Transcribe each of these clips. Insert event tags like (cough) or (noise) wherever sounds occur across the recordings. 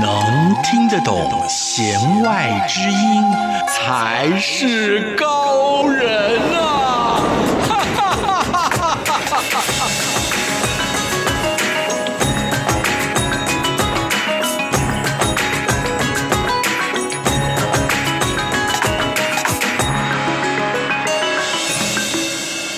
能聽得懂弦外之音，才是高人吶！ (laughs)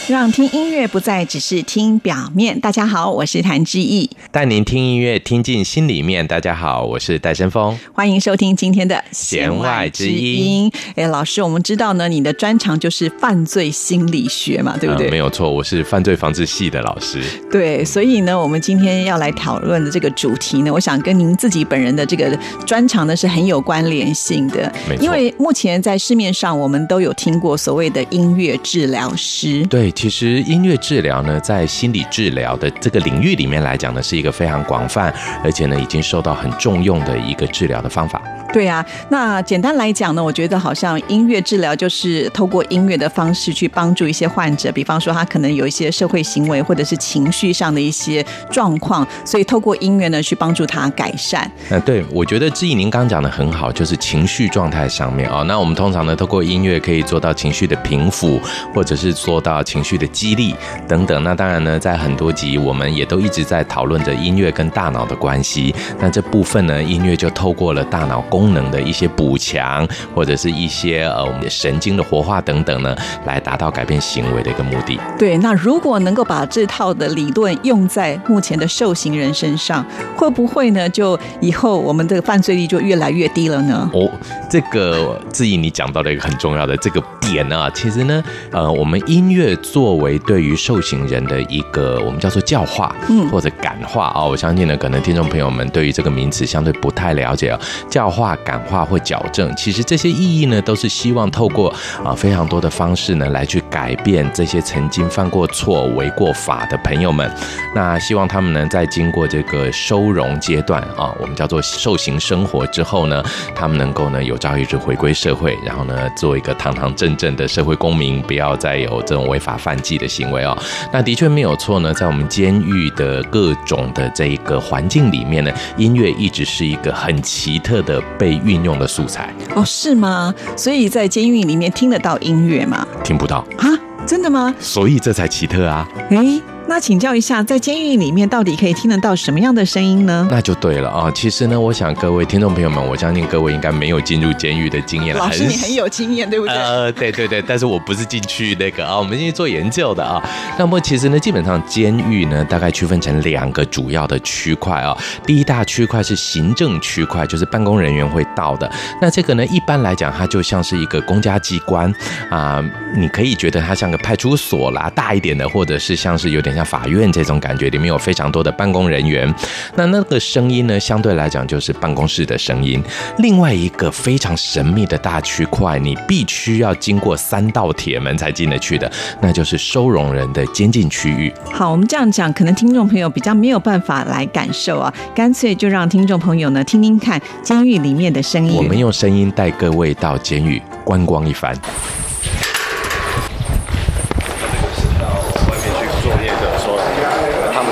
讓聽音樂不再只是聽表面。大家好，我是譚志毅。帶您聽音樂，聽進心裡面。大家好，我是戴伸峰，歡迎收聽今天的弦外之音。哎、欸，老師，我們知道呢，你的專長就是犯罪心理學嘛，對不對？嗯、沒有錯，我是犯罪防治系的老師。對，所以呢，我們今天要來討論的這個主題呢，我想跟您自己本人的這個專長呢是很有關聯性的。沒錯，因為目前在市面上，我們都有聽過所謂的音樂治療師。對，其實音樂治療呢，在心理治療的這個領域裡面來講呢，是一個。非常廣泛，而且呢，已經受到很重用的一個治療的方法。對啊，那簡單來講呢，我覺得好像音樂治療就是透過音樂的方式去幫助一些患者，比方說他可能有一些社會行為或者是情緒上的一些狀況，所以透過音樂呢去幫助他改善。那對，我覺得志毅您剛講的很好，就是情緒狀態上面啊。哦，那我們通常呢透過音樂可以做到情緒的平復，或者是做到情緒的激勵等等。那當然呢，在很多集我們也都一直在討論的音樂跟大腦的關係，那這部分呢，音樂就透過了大腦功能的一些補強，或者是一些呃我們的神經的活化等等呢，來達到改變行為的一個目的。對，那如果能夠把這套的理論用在目前的受刑人身上，會不會呢？就以後我們的犯罪率就越來越低了呢？哦，這個質疑你講到的一個很重要的這個點呢啊，其實呢，呃，我們音樂作為對於受刑人的一個我們叫做教化，嗯，或者感化。話、哦、啊，我相信呢，可能聽眾朋友們對於這個名詞相對不太了解，哦、教化、感化或矯正，其實這些意義呢，都是希望透過啊非常多的方式呢，來去改變這些曾經犯過錯、違過法的朋友們。那希望他們呢，在經過這個收容階段啊，我們叫做受刑生活之後呢，他們能夠呢，有朝一日回歸社會，然後呢，做一個堂堂正正的社會公民，不要再有這種違法犯紀的行為哦。那的確沒有錯呢，在我們監獄的各種的這一個環境裡面呢，音樂一直是一個很奇特的被運用的素材哦，是嗎？所以在監獄裡面聽得到音樂嗎？聽不到啊，真的嗎？所以這才奇特啊，誒、欸那請教一下，在監獄裡面到底可以聽得到什麼樣的聲音呢？那就對了啊，哦！其實呢，我想各位聽眾朋友們，我相信各位應該沒有進入監獄的經驗了。老師，你很有經驗，對不對？呃，對對對， (laughs) 但是我不是進去那個啊，我們進去做研究的啊，哦。那麼其實呢，基本上監獄呢，大概區分成兩個主要的區塊啊。第一大區塊是行政區塊，就是辦公人員會到的。那這個呢，一般來講，它就像是一個公家機關啊，呃，你可以覺得它像個派出所啦，大一點的，或者是像是有點。像法院這種感覺，裡面有非常多的辦公人員，那那個聲音呢，相對來講就是辦公室的聲音。另外一個非常神秘的大區塊，你必須要經過三道鐵門才進得去的，那就是收容人的監禁區域。好，我們這樣講，可能聽眾朋友比較沒有辦法來感受啊，乾脆就讓聽眾朋友呢聽聽看監獄裡面的聲音。我們用聲音帶各位到監獄觀光一番。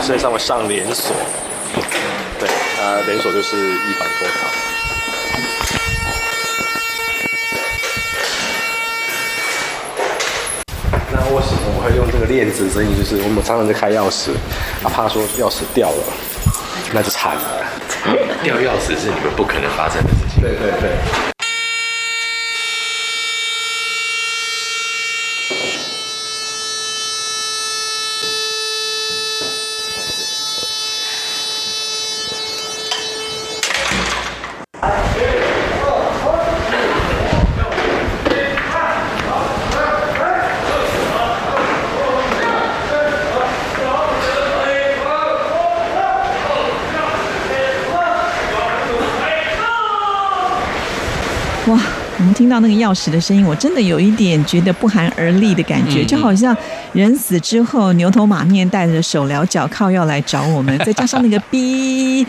所以上面上連鎖，對，呃，連鎖就是一房多卡、嗯、那為什麼我會用這個鏈子？原因就是我們常常在開鑰匙，啊，怕說鑰匙掉了，那就慘了。慘了嗯、掉鑰匙是你們不可能發生的事情。對對對。聽到那個鑰匙的聲音，我真的有一點覺得不寒而慄的感覺，就好像人死之後，牛頭馬面帶着手鐐腳銬要來找我們，再加上那個“嗶”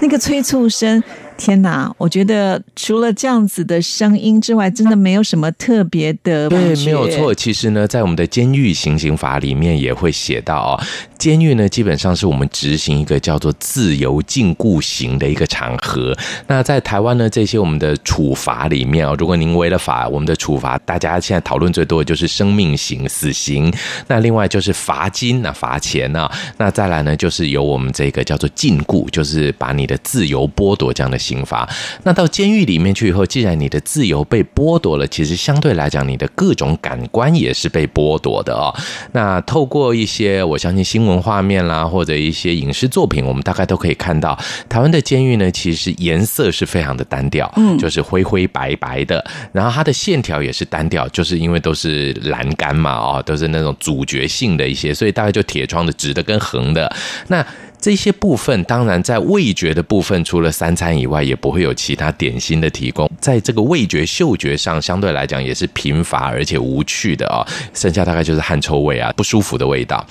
那個催促聲。天哪，我覺得除了這樣子的聲音之外，真的沒有什麼特別的不。對，沒有錯。其實呢，在我們的監獄行刑法裡面也會寫到啊，監獄呢基本上是我們執行一個叫做自由禁錮刑的一個場合。那在台灣呢，這些我們的處罰裡面啊，如果您違了法，我們的處罰大家現在討論最多的就是生命刑、死刑。那另外就是罰金啊、罰錢啊。那再來呢，就是由我們這個叫做禁錮，就是把你的自由剝奪這樣的刑。刑罰，那到監獄裡面去以後，既然你的自由被剝奪了，其實相對來講，你的各種感官也是被剝奪的哦。那透過一些我相信新聞畫面啦，或者一些影視作品，我們大概都可以看到，台灣的監獄呢，其實顏色是非常的單調，嗯，就是灰灰白白的，然後它的線條也是單調，就是因為都是欄杆嘛，哦，都是那種主角性的一些，所以大概就鐵窗的直的跟橫的那。這些部分，當然在味覺的部分，除了三餐以外，也不會有其他點心的提供。在這個味覺、嗅覺上，相對來講也是貧乏而且無趣的啊、哦。剩下大概就是汗臭味啊，不舒服的味道。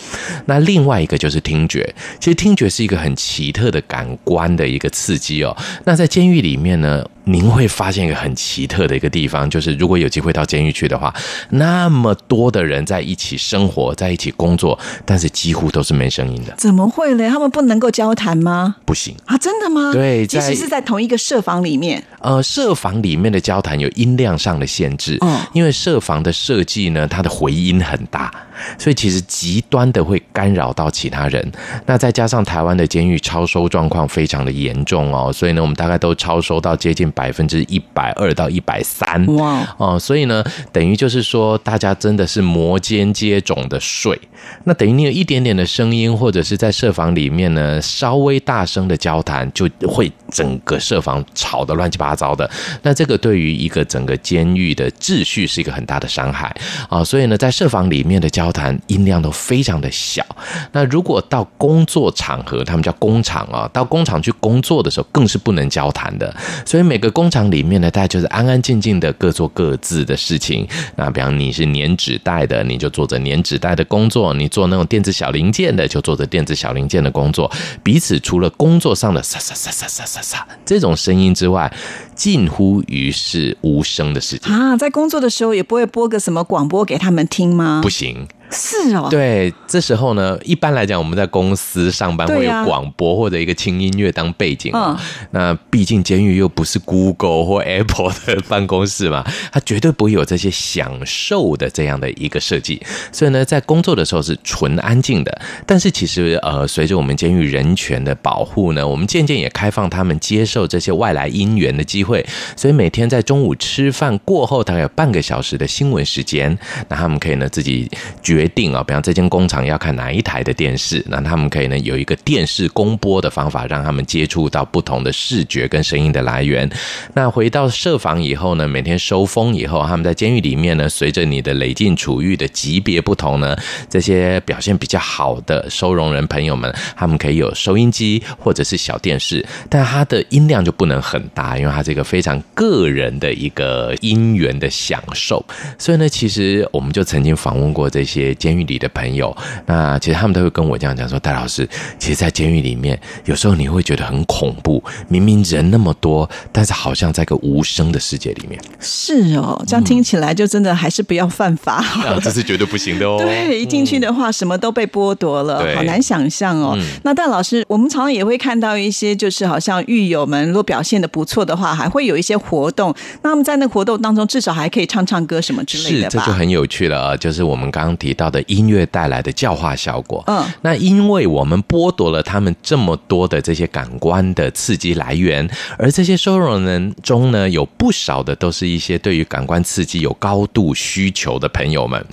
那另外一個就是聽覺，其實聽覺是一個很奇特的感官的一個刺激哦。那在監獄裡面呢，您會發現一個很奇特的一個地方，就是如果有機會到監獄去的話，那麼多的人在一起生活，在一起工作，但是幾乎都是沒聲音的。怎麼會嘞？他們不能夠交談嗎？不行。啊，真的嗎？對，其實是在同一個舍房裡面。呃，舍房裡面的交談有音量上的限制，嗯、oh.，因為舍房的設計呢，它的回音很大，所以其實極端的會干擾到其他人。那再加上台灣的監獄超收狀況非常的嚴重哦，所以呢，我們大概都超收到接近百分之一百二到一百三哇！哦、wow. 呃，所以呢，等於就是說，大家真的是摩肩接踵的睡。那等於你有一點點的聲音，或者是在舍房裡面。呢，稍微大聲的交談就會整個舍房吵得亂七八糟的。那這個對於一個整個監獄的秩序是一個很大的傷害啊，哦。所以呢，在舍房裡面的交談音量都非常的小。那如果到工作場合，他們叫工廠啊，到工廠去工作的時候更是不能交談的。所以每個工廠裡面呢，大家就是安安靜靜的各做各自的事情。那比方你是粘紙袋的，你就做着粘紙袋的工作；你做那種電子小零件的，就做着電子小零件的工作。彼此除了工作上的“沙沙沙沙沙沙沙”這種聲音之外。近乎於是無聲的事情啊，在工作的時候也不會播個什麼廣播給他們聽嗎？不行，是哦。對，這時候呢，一般來講，我們在公司上班會有廣播或者一個輕音樂當背景啊。那畢竟監獄又不是 Google 或 Apple 的辦公室嘛，它絕對不會有這些享受的這樣的一個設計。所以呢，在工作的時候是純安靜的。但是其實呃，隨着我們監獄人權的保護呢，我們漸漸也開放他們接受這些外來音源的機會。機會，所以每天在中午吃飯過後，大概有半個小時的新聞時間，那他們可以呢自己決定啊、哦，比方這間工廠要看哪一台的電視，那他們可以呢有一個電視公播的方法，讓他們接觸到不同的視覺跟聲音的來源。那回到舍房以後呢，每天收封以後，他們在監獄裡面呢，隨着你的累進處遇的級別不同呢，這些表現比較好的收容人朋友們，他們可以有收音機或者是小電視，但它的音量就不能很大，因為它一個非常個人的一個因緣的享受，所以呢，其實我們就曾經訪問過這些監獄裡的朋友。那其實他們都會跟我這樣講說：“戴老師，其實，在監獄裡面，有時候你會覺得很恐怖。明明人那麼多，但是好像在一個無聲的世界裡面。”是哦、喔，這樣聽起來就真的還是不要犯法好。那、嗯、這是絕對不行的哦、喔。對，一進去的話，什麼都被剝奪了，好難想象哦、喔嗯。那戴老師，我們常常也會看到一些，就是好像獄友們如果表現得不錯的話，還會有一些活動，那他們在那個活動當中，至少還可以唱唱歌什麼之類的吧。是，這就很有趣了啊，就是我們剛剛提到的音樂帶來的教化效果。嗯，那因為我們剝奪了他們這麼多的這些感官的刺激來源，而這些收容人中呢，有不少的都是一些對於感官刺激有高度需求的朋友們。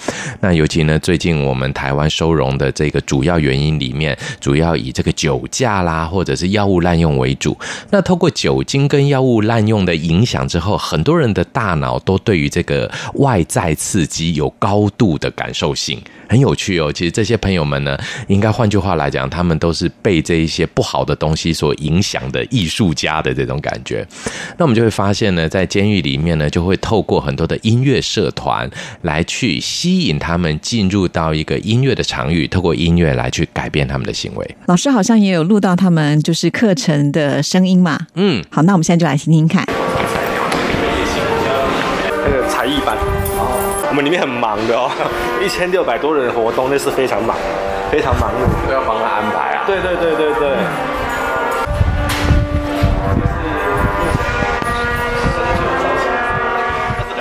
那尤其呢，最近我們台灣收容的這個主要原因裡面，主要以這個酒駕啦，或者是藥物濫用為主。那透過酒精跟藥物濫濫用的影響之後，很多人的大腦都對於這個外在刺激有高度的感受性。很有趣哦，其實這些朋友們呢，應該換句話來講，他們都是被這一些不好的東西所影響的藝術家的這種感覺。那我們就會發現呢，在監獄裡面呢，就會透過很多的音樂社團來去吸引他們進入到一個音樂的場域，透過音樂來去改變他們的行為。老師好像也有錄到他們就是課程的聲音嘛？嗯，好，那我們現在就來聽聽看。才藝班，哦，我們裡面很忙的哦，一千六百多人活動，那是非常忙，非常忙碌，都要幫他安排啊。對對對對對。嗯。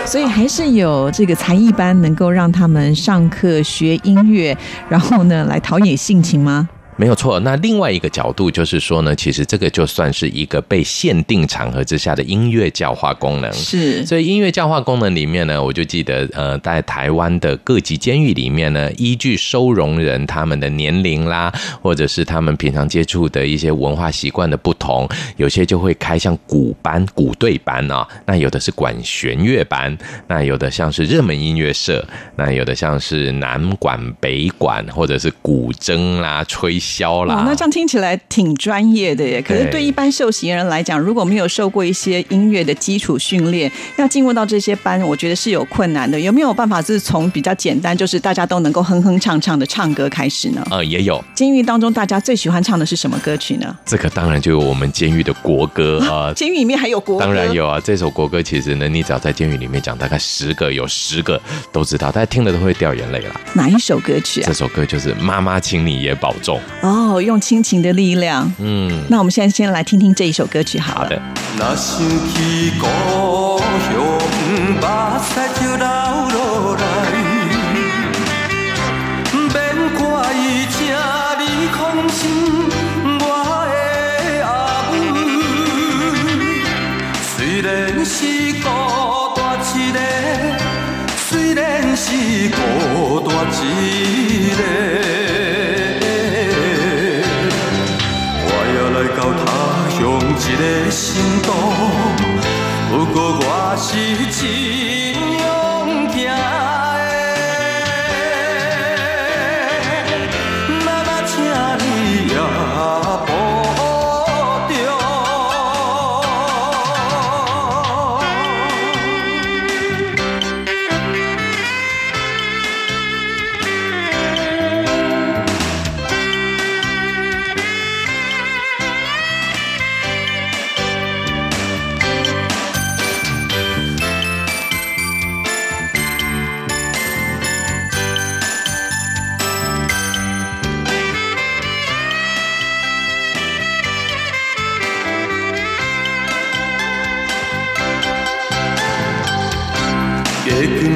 所以還是有這個才藝班，能夠讓他們上課學音樂，然後呢來陶冶性情嗎？沒有錯，那另外一個角度就是說呢，其實這個就算是一個被限定場合之下的音樂教化功能。是，所以音樂教化功能裡面呢，我就記得，呃，在台灣的各級監獄裡面呢，依據收容人他們的年齡啦，或者是他們平常接觸的一些文化習慣的不同，有些就會開像鼓班、鼓隊班啊、哦，那有的是管弦樂班，那有的像是熱門音樂社，那有的像是南管、北管，或者是古箏啦、吹。消啦、哦，那這樣聽起來挺專業的耶。可是對一般受刑人來講，如果沒有受過一些音樂的基礎訓練，要進入到這些班，我覺得是有困難的。有沒有辦法就是從比較簡單，就是大家都能夠哼哼唱唱的唱歌開始呢？呃、嗯，也有。監獄當中，大家最喜歡唱的是什麼歌曲呢？這個當然就是我們監獄的國歌啊。監獄裡面還有國歌，當然有啊。這首國歌其實呢，你只要在監獄裡面講大概十個，有十個都知道，大家聽了都會掉眼淚啦。哪一首歌曲、啊？這首歌就是《媽媽，請你也保重》。哦，用親情的力量。嗯，那我們現在先來聽聽這一首歌曲好，好的。 (music)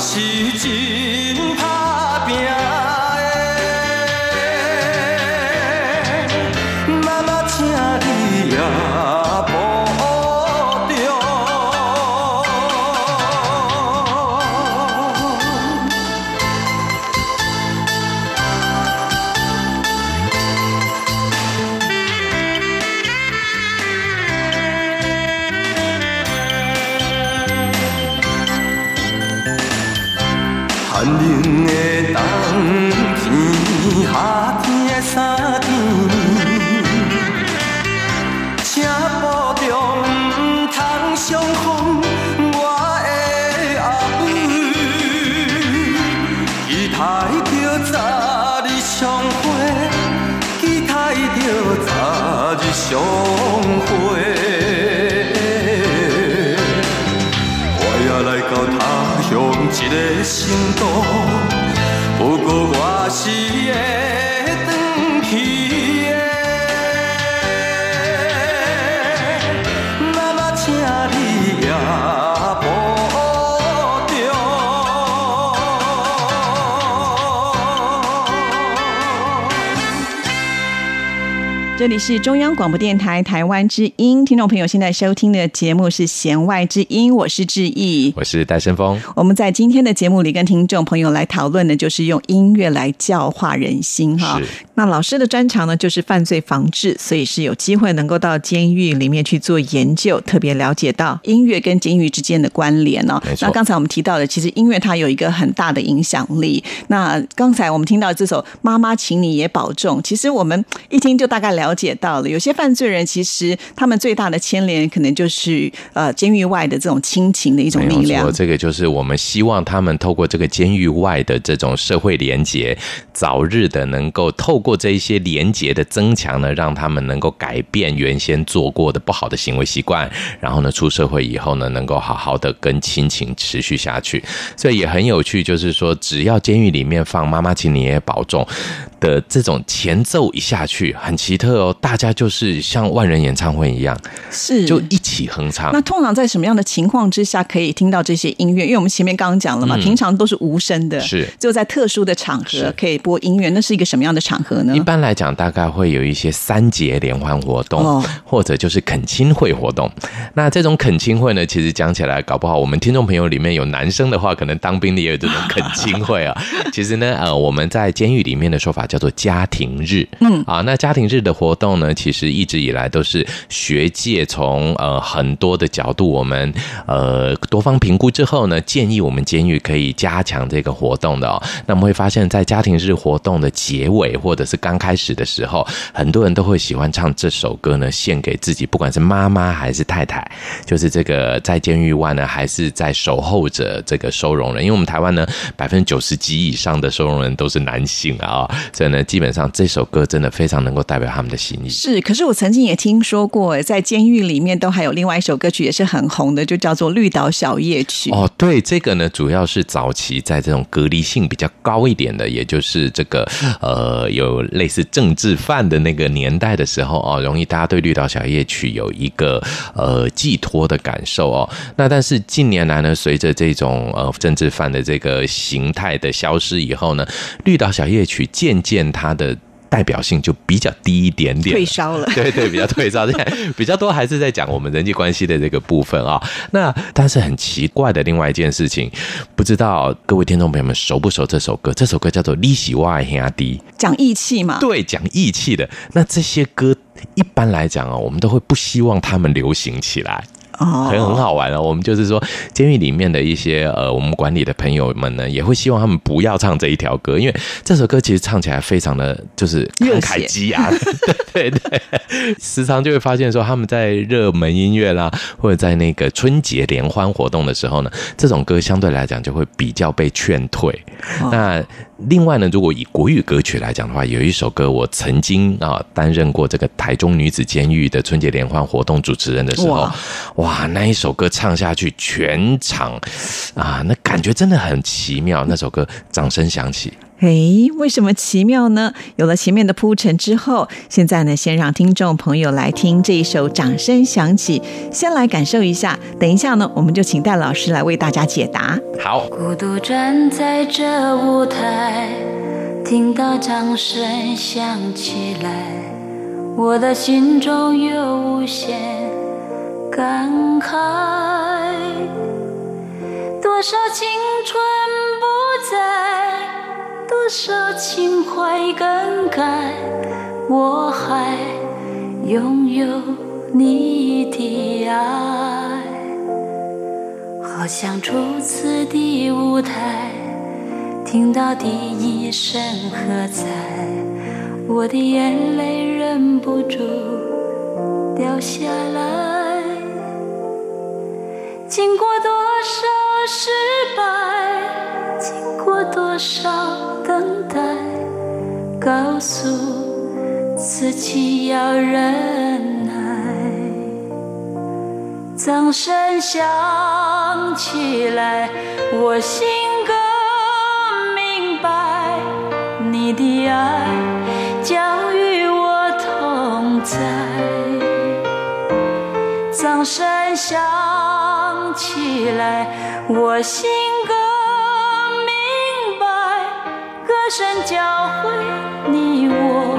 心。相會，我也來到他鄉一個新都，不過我是。這裡是中央廣播電台台灣之音，聽眾朋友現在收聽的節目是《弦外之音》，我是志毅，我是戴伸峰。我們在今天的節目裡跟聽眾朋友來討論的，就是用音樂來教化人心哈。那老師的專長呢，就是犯罪防治，所以是有機會能夠到監獄裡面去做研究，特別了解到音樂跟監獄之間的關聯哦。那剛才我們提到的，其實音樂它有一個很大的影響力。那剛才我們聽到這首《媽媽，請你也保重》，其實我們一聽就大概了解。寫到了有些犯罪人，其實他們最大的牽連，可能就是呃監獄外的這種親情的一種力量。這個就是我們希望他們透過這個監獄外的這種社會連結，早日的能夠透過這一些連結的增強呢，讓他們能夠改變原先做過的不好的行為習慣，然後呢出社會以後呢，能夠好好的跟親情持續下去。所以也很有趣，就是說只要監獄裡面放“媽媽，請你也保重”的這種前奏一下去，很奇特。大家就是像萬人演唱會一樣，是就一起哼唱。那通常在什麼樣的情況之下可以聽到這些音樂？因為我們前面剛剛講了嘛、嗯，平常都是無聲的，是就在特殊的場合可以播音樂。那是一個什麼樣的場合呢？一般來講，大概會有一些三節聯歡活動、哦，或者就是懇親會活動。那這種懇親會呢，其實講起來，搞不好我們聽眾朋友裡面有男生的話，可能當兵的也有這種懇親會啊。 (laughs) 其實呢，呃，我們在監獄裡面的說法叫做家庭日，嗯啊，那家庭日的活動，活動呢，其實一直以來都是學界從呃很多的角度，我們呃多方評估之後呢，建議我們監獄可以加強這個活動的哦。那麼會發現，在家庭日活動的結尾或者是剛開始的時候，很多人都會喜歡唱這首歌呢，獻給自己，不管是媽媽還是太太，就是這個在監獄外呢，還是在守候着這個收容人。因為我們台灣呢，百分之九十幾以上的收容人都是男性啊，所以呢，基本上這首歌真的非常能夠代表他們的。是，可是我曾經也聽說過，在監獄裡面都還有另外一首歌曲也是很紅的，就叫做《綠島小夜曲》。哦，對，這個呢，主要是早期在這種隔離性比較高一點的，也就是這個呃，有類似政治犯的那個年代的時候啊，哦，容易大家對《綠島小夜曲》有一個呃寄託的感受哦。那但是近年來呢，隨着這種呃政治犯的這個形態的消失以後呢，《綠島小夜曲》漸漸它的。代表性就比較低一點點，退燒了，對對，比較退燒 (laughs) 比較多還是在講我們人際關係的這個部分啊、哦。那但是很奇怪的另外一件事情，不知道各位聽眾朋友們熟不熟這首歌？這首歌叫做《你是我兄弟》，講義氣嘛？對，講義氣的。那這些歌一般來講啊、哦，我們都會不希望他們流行起來。很、哦、很好玩哦，我們就是說，監獄裡面的一些呃，我們管理的朋友們呢，也會希望他們不要唱這一條歌，因為這首歌其實唱起來非常的就是慷慨激昂， (laughs) 對，對對，時常就會發現說他們在熱門音樂啦，或者在那個春節聯歡活動的時候呢，這種歌相對來講就會比較被勸退、哦。那另外呢，如果以國語歌曲來講的話，有一首歌我曾經啊擔任過這個台中女子監獄的春節聯歡活動主持人的時候，哇。哇啊，那一首歌唱下去，全場啊，那感覺真的很奇妙。那首歌，掌聲響起。哎、欸，為什麼奇妙呢？有了前面的鋪陳之後，現在呢，先讓聽眾朋友來聽這一首《掌聲響起》，先來感受一下。等一下呢，我們就請戴老師來為大家解答。好，孤獨站在這舞台，聽到掌聲響起來，我的心中有無限。感慨，多少青春不再，多少情懷更改，我還擁有你的愛。好像初次的舞台，聽到第一聲喝彩，我的眼淚忍不住掉下來。經過多少失敗，經過多少等待，告訴自己要忍耐。掌聲響起來，我心更明白，你的愛將與我同在。掌聲響。起來，我心更明白，歌聲交匯你我。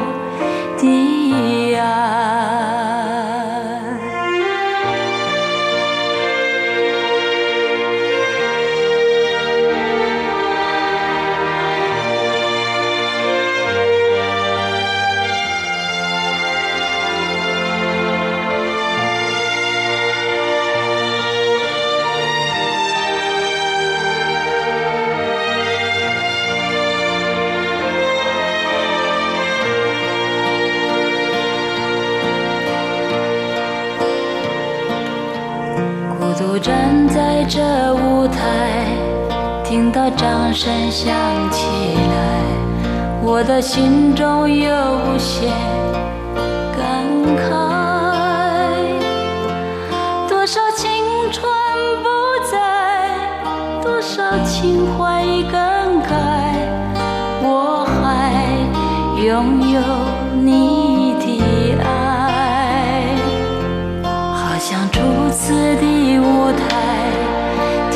掌聲響起來，我的心中有些感慨。多少青春不再，多少情懷已更改，我還擁有你的愛，好像初次的。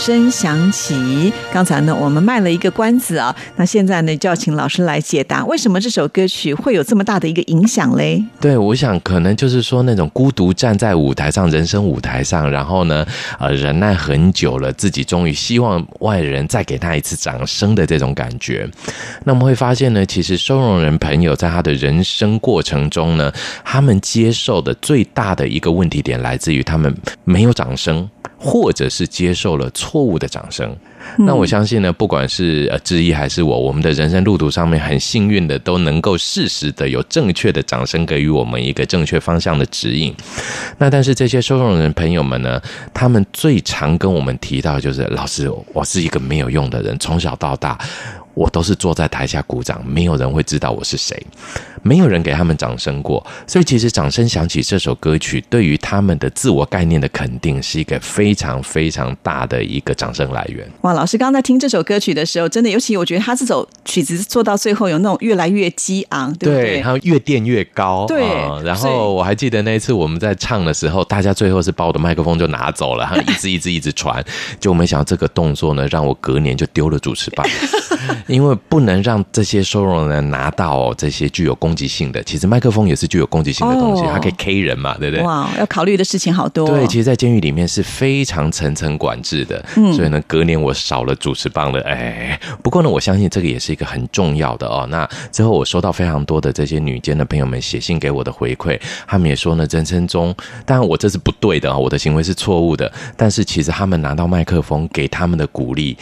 聲響起，剛才呢，我們賣了一個關子啊、哦，那現在呢，就要請老師來解答，為什麼這首歌曲會有這麼大的一個影響嘞？對，我想可能就是說那種孤獨站在舞台上，人生舞台上，然後呢，呃，忍耐很久了，自己終於希望外人再給他一次掌聲的這種感覺。那麼會發現呢，其實收容人朋友在他的人生過程中呢，他們接受的最大的一個問題點來自於他們沒有掌聲。或者是接受了錯誤的掌聲，嗯、那我相信呢，不管是呃之一還是我，我們的人生路途上面很幸運的都能夠適時的有正確的掌聲給予我們一個正確方向的指引。那但是這些收容人朋友們呢，他們最常跟我們提到就是，老師，我是一個沒有用的人，從小到大。我都是坐在台下鼓掌，沒有人會知道我是誰，沒有人給他們掌聲過，所以其實掌聲響起這首歌曲，對於他們的自我概念的肯定，是一個非常非常大的一個掌聲來源。哇，老師剛剛在聽這首歌曲的時候，真的，尤其我覺得他這首曲子做到最後有那種越來越激昂，對不對？對，然後越墊越高，對、啊。然後我還記得那一次我們在唱的時候，大家最後是把我的麥克風就拿走了，一直一直一直傳， (laughs) 就沒想到這個動作呢，讓我隔年就丟了主持棒。 (laughs) 因為不能讓這些收容人拿到、哦、這些具有攻擊性的，其實麥克風也是具有攻擊性的東西，哦、它可以 K 人嘛，對不對？哇，要考慮的事情好多、哦。對，其實，在監獄裡面是非常層層管制的、嗯，所以呢，隔年我少了主持棒了。哎，不過呢，我相信這個也是一個很重要的哦。那之後我收到非常多的這些女監的朋友們寫信給我的回饋，他們也說呢，人生中，當然我這是不對的、哦，我的行為是錯誤的。但是，其實他們拿到麥克風給他們的鼓勵。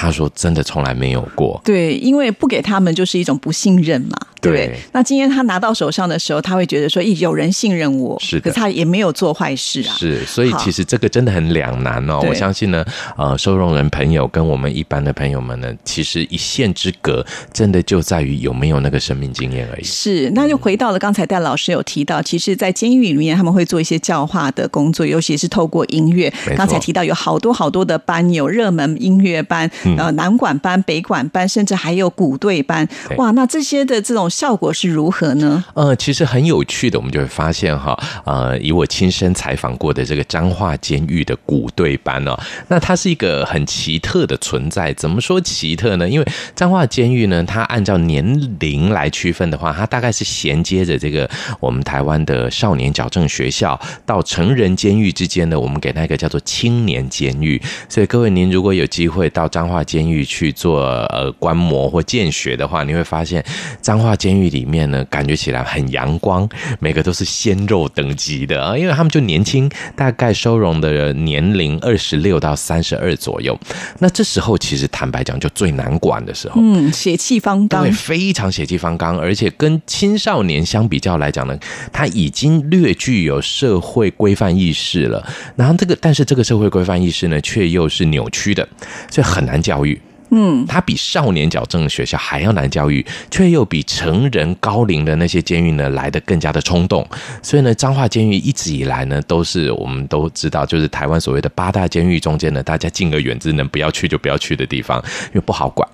他說：“真的從來沒有過。”對，因為不給他們就是一種不信任嘛。對，那今天他拿到手上的時候，他會覺得說：“咦，有人信任我。”是的，可是他也沒有做壞事啊。是，所以其實這個真的很兩難哦。我相信呢，呃，收容人朋友跟我們一般的朋友們呢，其實一線之隔，真的就在於有沒有那個生命經驗而已。是，那就回到了剛才戴老師有提到，其實，在監獄裡面他們會做一些教化的工作，尤其是透過音樂。剛才提到有好多好多的班，有熱門音樂班，呃、嗯，南管班、北管班，甚至還有鼓隊班。哇，那這些的這種。效果是如何呢？呃，其實很有趣的，我們就會發現哈，呃，以我親身採訪過的這個彰化監獄的鼓隊班哦，那它是一個很奇特的存在。怎麼說奇特呢？因為彰化監獄呢，它按照年齡來區分的話，它大概是銜接着這個我們台灣的少年矯正學校到成人監獄之間的。我們給它一個叫做青年監獄。所以，各位您如果有機會到彰化監獄去做呃觀摩或見學的話，你會發現彰化。監獄裡面呢，感覺起來很陽光，每個都是鮮肉等級的啊，因為他們就年輕，大概收容的年齡二十六到三十二左右。那這時候其實坦白講，就最難管的時候。嗯，血氣方剛，對，非常血氣方剛，而且跟青少年相比較來講呢，他已經略具有社會規範意識了。然後這個，但是這個社會規範意識呢，卻又是扭曲的，所以很難教育。嗯，他比少年矯正的學校還要難教育，卻又比成人高齡的那些監獄呢來得更加的衝動，所以呢，彰化監獄一直以來呢都是我們都知道，就是台灣所謂的八大監獄中間呢，大家敬而遠之能，能不要去就不要去的地方，因為不好管。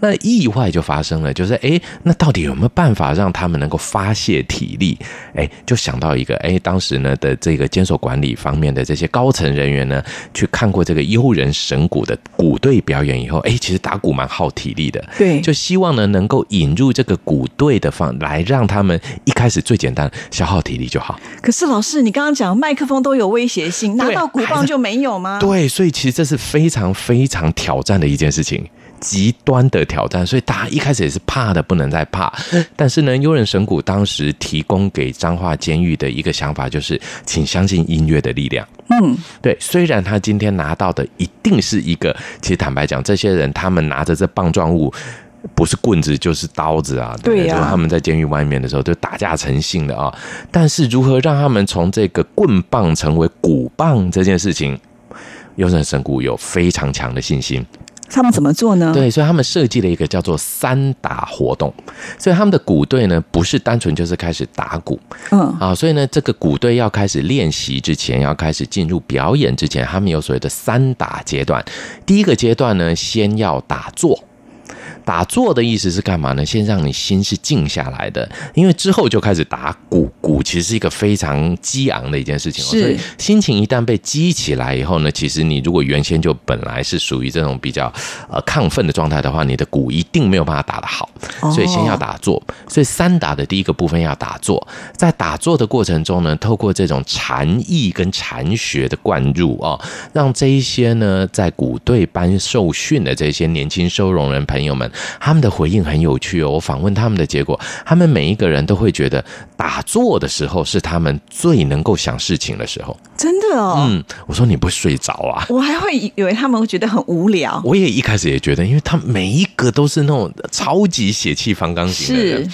那意外就發生了，就是哎、欸，那到底有沒有辦法讓他們能夠發洩體力？哎、欸，就想到一個哎、欸，當時呢的這個監守管理方面的這些高層人員呢，去看過這個優人神鼓的鼓隊表演以後，哎、欸，其實打鼓蠻耗體力的，對，就希望呢能夠引入這個鼓隊的方來讓他們一開始最簡單消耗體力就好。可是老師，你剛剛講麥克風都有威脅性，拿到鼓棒就沒有嗎對？對，所以其實這是非常非常挑戰的一件事情。極端的挑戰，所以大家一開始也是怕的不能再怕。但是呢，優人神鼓當時提供給彰化監獄的一個想法就是，請相信音樂的力量。嗯，對。雖然他今天拿到的一定是一個，其實坦白講，這些人他們拿着這棒狀物，不是棍子就是刀子啊。對呀。對啊就是、他們在監獄外面的時候就打架成性的啊、哦。但是如何讓他們從這個棍棒成為鼓棒這件事情，優人神鼓有非常強的信心。他們怎麼做呢？對，所以他們設計了一個叫做“三打”活動。所以他們的鼓隊呢，不是單純就是開始打鼓，嗯，啊，所以呢，這個鼓隊要開始練習之前，要開始進入表演之前，他們有所謂的“三打”階段。第一個階段呢，先要打坐。打坐的意思是幹嘛呢？先讓你心是靜下來的，因為之後就開始打鼓，鼓其實是一個非常激昂的一件事情，喔。是。所以心情一旦被激起來以後呢，其實你如果原先就本來是屬於這種比較呃亢奮的狀態的話，你的鼓一定沒有辦法打得好。所以先要打坐，oh. 所以三打的第一個部分要打坐。在打坐的過程中呢，透過這種禪意跟禪學的灌入哦，喔，讓這一些呢在鼓隊班受訓的這些年輕收容人朋友，們他們的回應很有趣哦。我訪問他們的結果，他們每一個人都會覺得打坐的時候是他們最能夠想事情的時候。真的哦，嗯，我說你不會睡着啊？我還會以為他們會覺得很無聊。我也一開始也覺得，因為他們每一個都是那種超級血氣方剛型的人，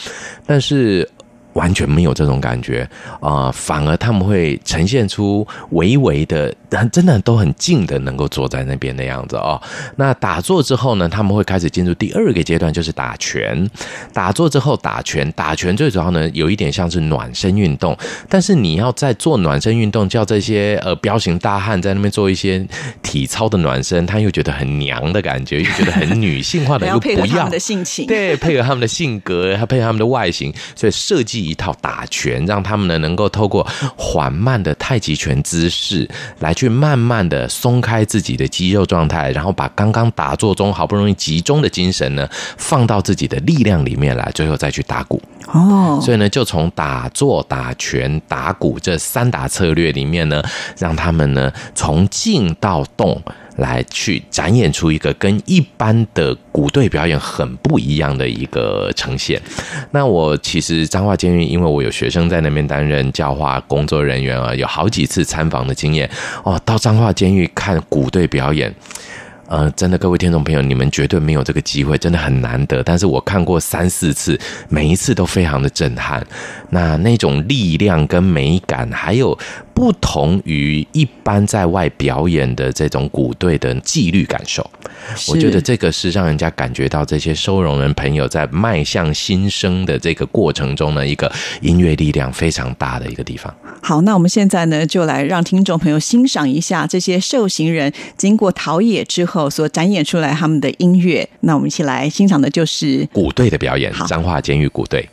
但是完全沒有這種感覺啊、呃，反而他們會呈現出微微的。真真的都很靜的，能夠坐在那邊的樣子哦。那打坐之後呢，他們會開始進入第二個階段，就是打拳。打坐之後打拳，打拳最主要呢，有一點像是暖身運動。但是你要在做暖身運動，叫這些呃彪形大漢在那邊做一些體操的暖身，他又覺得很娘的感覺，又覺得很女性化的， (laughs) 不要配合他們的性情，對，配合他們的性格，還配合他們的外形，所以設計一套打拳，讓他們呢能夠透過緩慢的太極拳姿勢來。去慢慢的鬆開自己的肌肉狀態，然後把剛剛打坐中好不容易集中的精神呢，放到自己的力量裡面來，最後再去打鼓。哦，Oh，所以呢，就從打坐、打拳、打鼓這三打策略裡面呢，讓他們呢從靜到動。來去展演出一個跟一般的鼓隊表演很不一樣的一個呈現。那我其實彰化監獄，因為我有學生在那邊擔任教化工作人員啊，有好幾次參訪的經驗哦。到彰化監獄看鼓隊表演，呃，真的各位聽眾朋友，你們絕對沒有這個機會，真的很難得。但是我看過三四次，每一次都非常的震撼。那那種力量跟美感，還有。不同於一般在外表演的這種鼓隊的紀律感受，我覺得這個是讓人家感覺到這些收容人朋友在邁向新生的這個過程中呢，一個音樂力量非常大的一個地方。好，那我們現在呢，就來讓聽眾朋友欣賞一下這些受刑人經過陶冶之後所展演出來他們的音樂。那我們一起來欣賞的就是鼓隊的表演，好，彰化監獄鼓隊。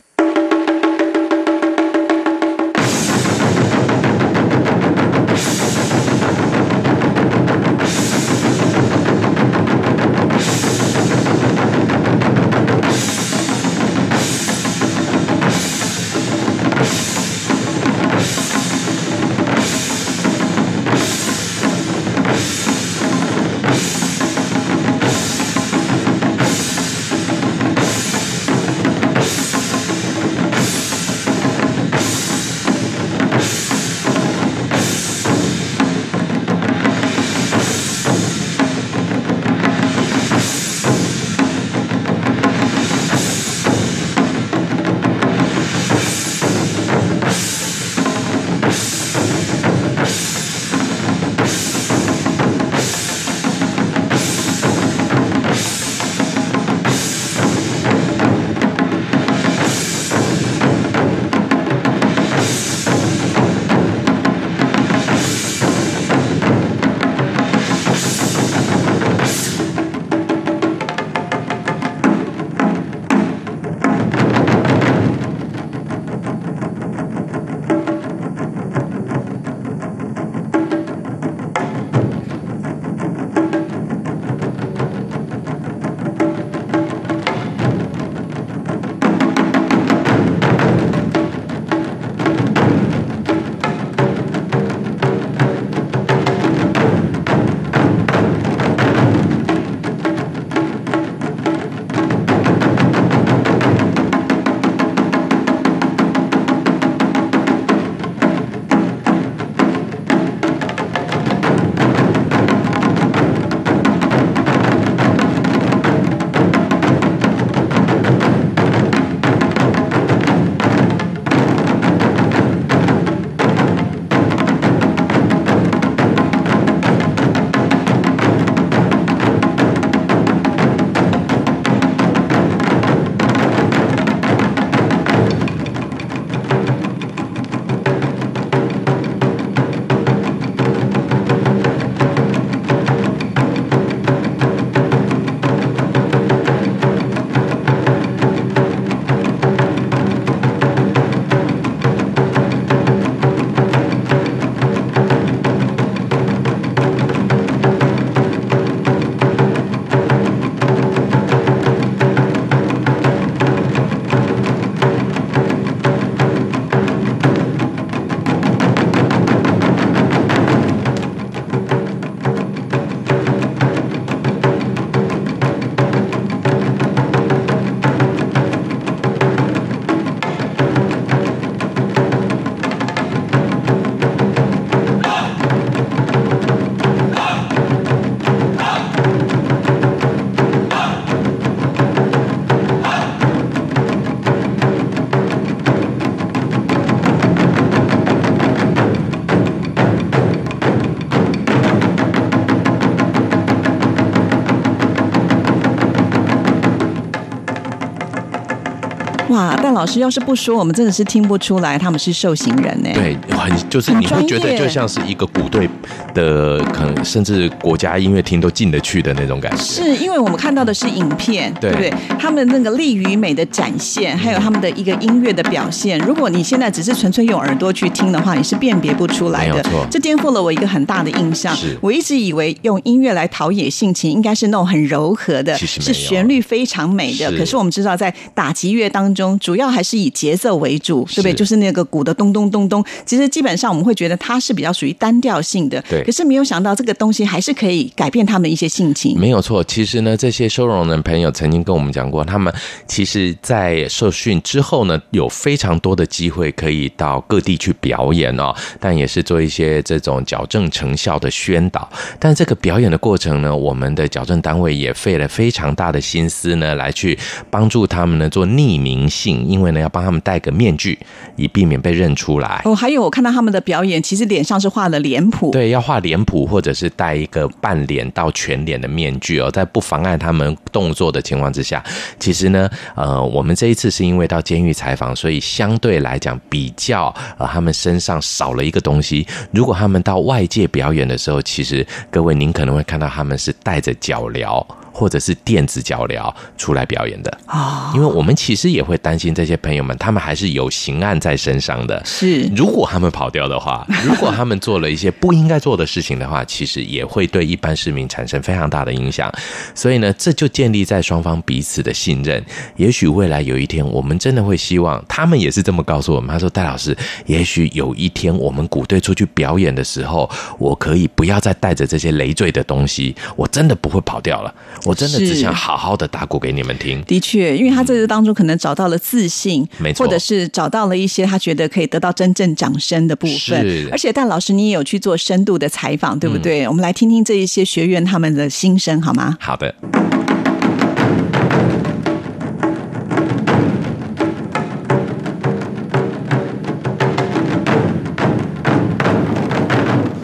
老師要是不說，我們真的是聽不出來，他們是受刑人呢、欸。對，很就是很，你會覺得就像是一個鼓隊。的可能甚至國家音樂廳都進得去的那種感覺，是因為我們看到的是影片，對、嗯、不對？他們那個力與美的展現、嗯，還有他們的一個音樂的表現。如果你現在只是純粹用耳朵去聽的話，你是辨別不出來的。沒有錯，這顛覆了我一個很大的印象。是，我一直以為用音樂來陶冶性情，應該是那種很柔和的，是旋律非常美的。是，可是我們知道，在打擊樂當中，主要還是以節奏為主，對不對？就是那個鼓的咚咚咚咚咚。其實基本上我們會覺得它是比較屬於單調性的，對。可是沒有想到，這個東西還是可以改變他們一些性情。沒有錯，其實呢，這些收容人朋友曾經跟我們講過，他們其實，在受訓之後呢，有非常多的機會可以到各地去表演哦，但也是做一些這種矯正成效的宣導。但這個表演的過程呢，我們的矯正單位也費了非常大的心思呢，來去幫助他們呢做匿名性，因為呢要幫他們戴個面具，以避免被認出來。哦，還有我看到他們的表演，其實臉上是畫了臉譜，對，要畫。臉譜，或者是戴一個半臉到全臉的面具哦，在不妨礙他們動作的情況之下，其實呢，呃，我們這一次是因為到監獄採訪，所以相對來講比較呃，他們身上少了一個東西。如果他們到外界表演的時候，其實各位您可能會看到他們是戴着腳鐐。或者是電子腳鐐出來表演的啊，因為我們其實也會擔心這些朋友們，他們還是有刑案在身上的。是，如果他們跑掉的話，如果他們做了一些不應該做的事情的話，其實也會對一般市民產生非常大的影響。所以呢，這就建立在雙方彼此的信任。也許未來有一天，我們真的會希望他們也是這麼告訴我們。他說：“戴老師，也許有一天我們鼓隊出去表演的時候，我可以不要再帶着這些累贅的東西，我真的不會跑掉了。”我真的只想好好的打鼓給你們聽。的確，因為他在這當中可能找到了自信、嗯沒錯，或者是找到了一些他覺得可以得到真正掌聲的部分。而且，戴老師你也有去做深度的採訪，對不對？嗯、我們來聽聽這一些學員他們的心聲，好嗎？好的。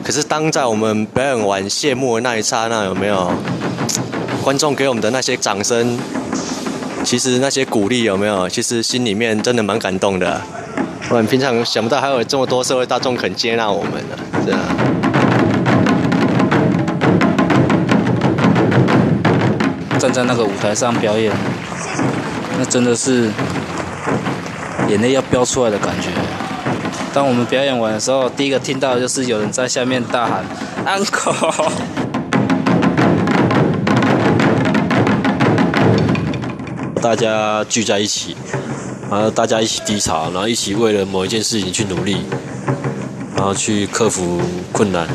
可是當在我們表演完謝幕的那一剎那，有沒有？觀眾給我們的那些掌聲，其實那些鼓勵有沒有？其實心裡面真的蠻感動的啊。我們平常想不到還有這麼多社會大眾肯接納我們啊，是啊。站在那個舞台上表演，那真的是眼淚要飆出來的感覺。當我們表演完的時候，第一個聽到的就是有人在下面大喊 “Uncle”。大家聚在一起，然後大家一起低潮，然後一起為了某一件事情去努力，然後去克服困難，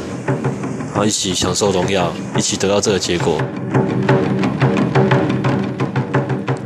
然後一起享受榮耀，一起得到這個結果。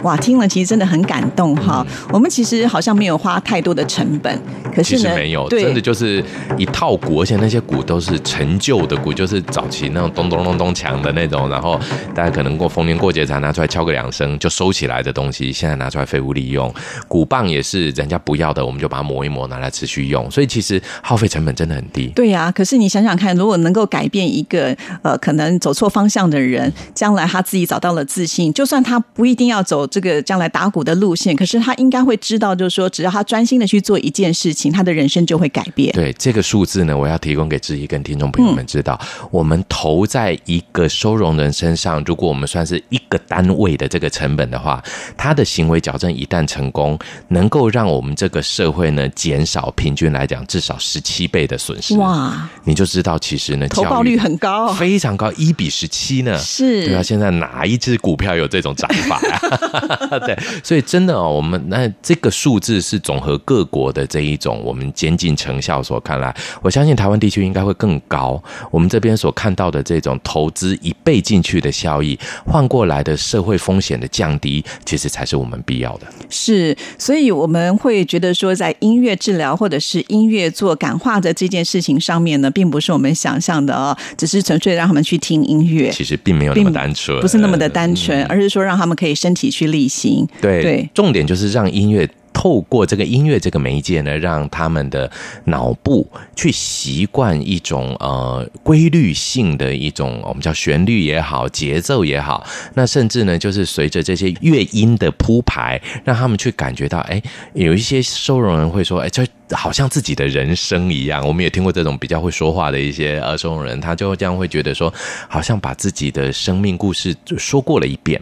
哇，聽了其實真的很感動哈、嗯。我們其實好像沒有花太多的成本，可是呢，其實沒有，對，真的就是一套鼓，而且那些鼓都是陳舊的鼓，就是早期那種咚咚咚咚鏘的那種，然後大家可能過逢年過節才拿出來敲個兩聲就收起來的東西，現在拿出來廢物利用。鼓棒也是人家不要的，我們就把它磨一磨拿來持續用，所以其實耗費成本真的很低。對呀、啊，可是你想想看，如果能夠改變一個呃可能走錯方向的人，將來他自己找到了自信，就算他不一定要走。這個將來打鼓的路線，可是他應該會知道，就是說，只要他專心的去做一件事情，他的人生就會改變。對，這個數字呢，我要提供給質疑跟聽眾朋友們知道，嗯，我們投在一個收容人身上，如果我們算是一個單位的這個成本的話，他的行為矯正一旦成功，能夠讓我們這個社會呢減少平均來講至少十七倍的損失。哇，你就知道其實呢，投報率很高，非常高，一比十七呢？是對啊，現在哪一支股票有這種漲法啊？ (laughs) (laughs) 對，所以真的哦，我們那這個數字是總和各國的這一種我們監禁成效所看來，我相信台灣地區應該會更高。我們這邊所看到的這種投資一倍進去的效益，換過來的社會風險的降低，其實才是我們必要的。是，所以我們會覺得說，在音樂治療或者是音樂做感化的這件事情上面呢，並不是我們想象的哦，只是純粹讓他們去聽音樂，其實並沒有那麼單純，不是那麼的單純，嗯，而是說讓他們可以身體去。理性對，對，重點就是讓音樂透過這個音樂這個媒介呢，讓他們的腦部去習慣一種呃規律性的一種，我們、哦、叫旋律也好，節奏也好。那甚至呢，就是隨着這些樂音的鋪排，讓他們去感覺到，哎，有一些收容人會說，哎，就好像自己的人生一樣。我們也聽過這種比較會說話的一些、呃、收容人，他就這樣會覺得說，好像把自己的生命故事就說過了一遍。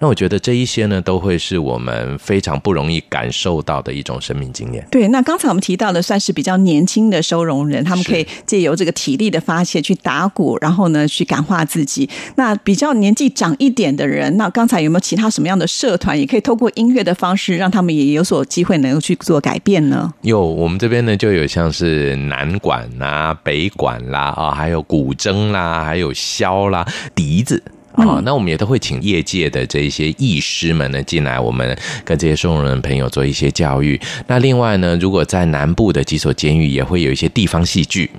那我覺得這一些呢，都會是我們非常不容易感受到的一種生命經驗。對，那剛才我們提到的，算是比較年輕的收容人，他們可以借由這個體力的發洩去打鼓，然後呢去感化自己。那比較年紀長一點的人，那剛才有沒有其他什麼樣的社團，也可以透過音樂的方式，讓他們也有所機會能夠去做改變呢？有，我們這邊呢就有像是南管啦、啊、北管啦啊、哦、啊，還有古箏啦，還有簫啦、笛子。啊、哦，那我們也都會請業界的這些藝師們呢進來，我們跟這些收容人朋友做一些教育。那另外呢，如果在南部的幾所監獄，也會有一些地方戲劇、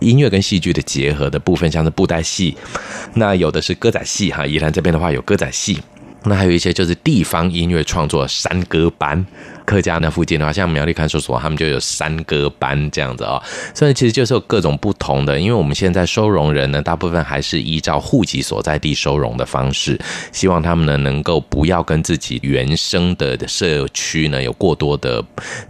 音樂跟戲劇的結合的部分，像是布袋戲。那有的是歌仔戲，哈，宜蘭這邊的話有歌仔戲。那還有一些就是地方音樂創作山歌班。客家那附近的話，像苗栗看守所，他們就有山歌班這樣子啊、哦。所以其實就是有各種不同的，因為我們現在收容人呢，大部分還是依照戶籍所在地收容的方式，希望他們呢能夠不要跟自己原生的社區呢有過多的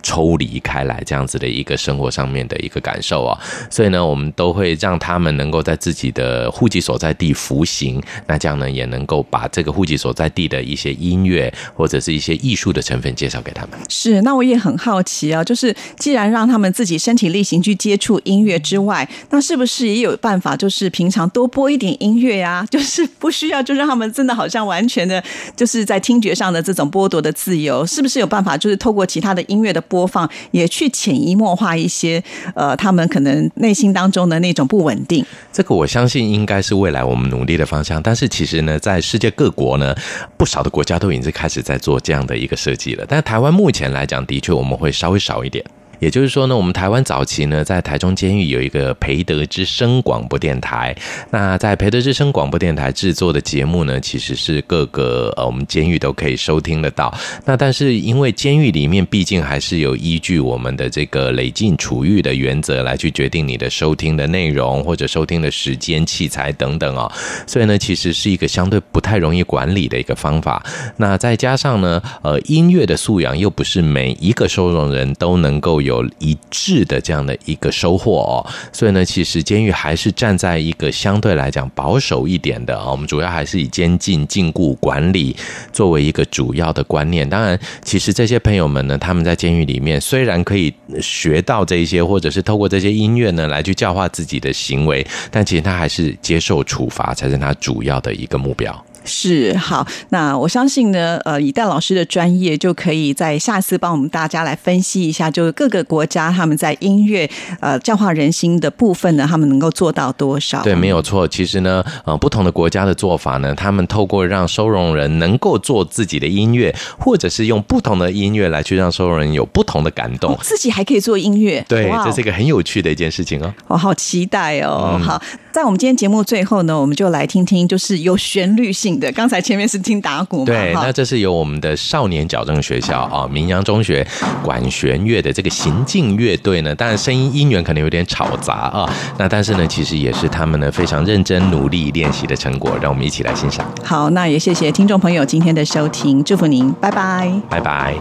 抽離開來，這樣子的一個生活上面的一個感受啊、哦。所以呢，我們都會讓他們能夠在自己的戶籍所在地服刑，那這樣呢也能夠把這個戶籍所在地的一些音樂或者是一些藝術的成分介紹給他們。是，那我也很好奇啊，就是既然讓他們自己身體力行去接觸音樂之外，那是不是也有辦法？就是平常多播一點音樂呀、啊，就是不需要就讓他們真的好像完全的，就是在聽覺上的這種剝奪的自由，是不是有辦法？就是透過其他的音樂的播放，也去潛移默化一些呃，他們可能內心當中的那種不穩定，這個我相信應該是未來我們努力的方向，但是其實呢，在世界各國呢，不少的國家都已經開始在做這樣的一個設計了，但是台灣目前。目前來講，的確我們會稍微少一點。也就是說呢，我們台灣早期呢，在台中監獄有一個培德之聲廣播電台。那在培德之聲廣播電台製作的節目呢，其實是各個呃，我們監獄都可以收聽得到。那但是因為監獄裡面畢竟還是有依據我們的這個累進處遇的原則來去決定你的收聽的內容或者收聽的時間、器材等等哦。所以呢，其實是一個相對不太容易管理的一個方法。那再加上呢，呃，音樂的素養又不是每一個收容人都能夠有。有一致的這樣的一個收穫哦，所以呢，其實監獄還是站在一個相對來講保守一點的啊、哦。我們主要還是以監禁、禁錮、管理作為一個主要的觀念。當然，其實這些朋友們呢，他們在監獄裡面雖然可以學到這些，或者是透過這些音樂呢來去教化自己的行為，但其實他還是接受處罰才是他主要的一個目標。是好，那我相信呢，呃，以戴老師的專業，就可以在下次幫我們大家來分析一下，就是各個國家他們在音樂呃教化人心的部分呢，他們能夠做到多少？對，沒有錯。其實呢，呃，不同的國家的做法呢，他們透過讓收容人能夠做自己的音樂，或者是用不同的音樂來去讓收容人有不同的感動，哦、自己還可以做音樂，對、wow，這是一個很有趣的一件事情哦。我、哦、好期待哦，嗯、好。在我們今天節目最後呢，我們就來聽聽，就是有旋律性的。剛才前面是聽打鼓，對，那這是由我們的少年矯正學校啊、哦，明陽中學管弦樂的這個行進樂隊呢，當然聲音音源可能有點吵雜啊、哦，那但是呢，其實也是他們呢非常認真努力練習的成果。讓我們一起來欣賞。好，那也謝謝聽眾朋友今天的收聽，祝福您，拜拜，拜拜。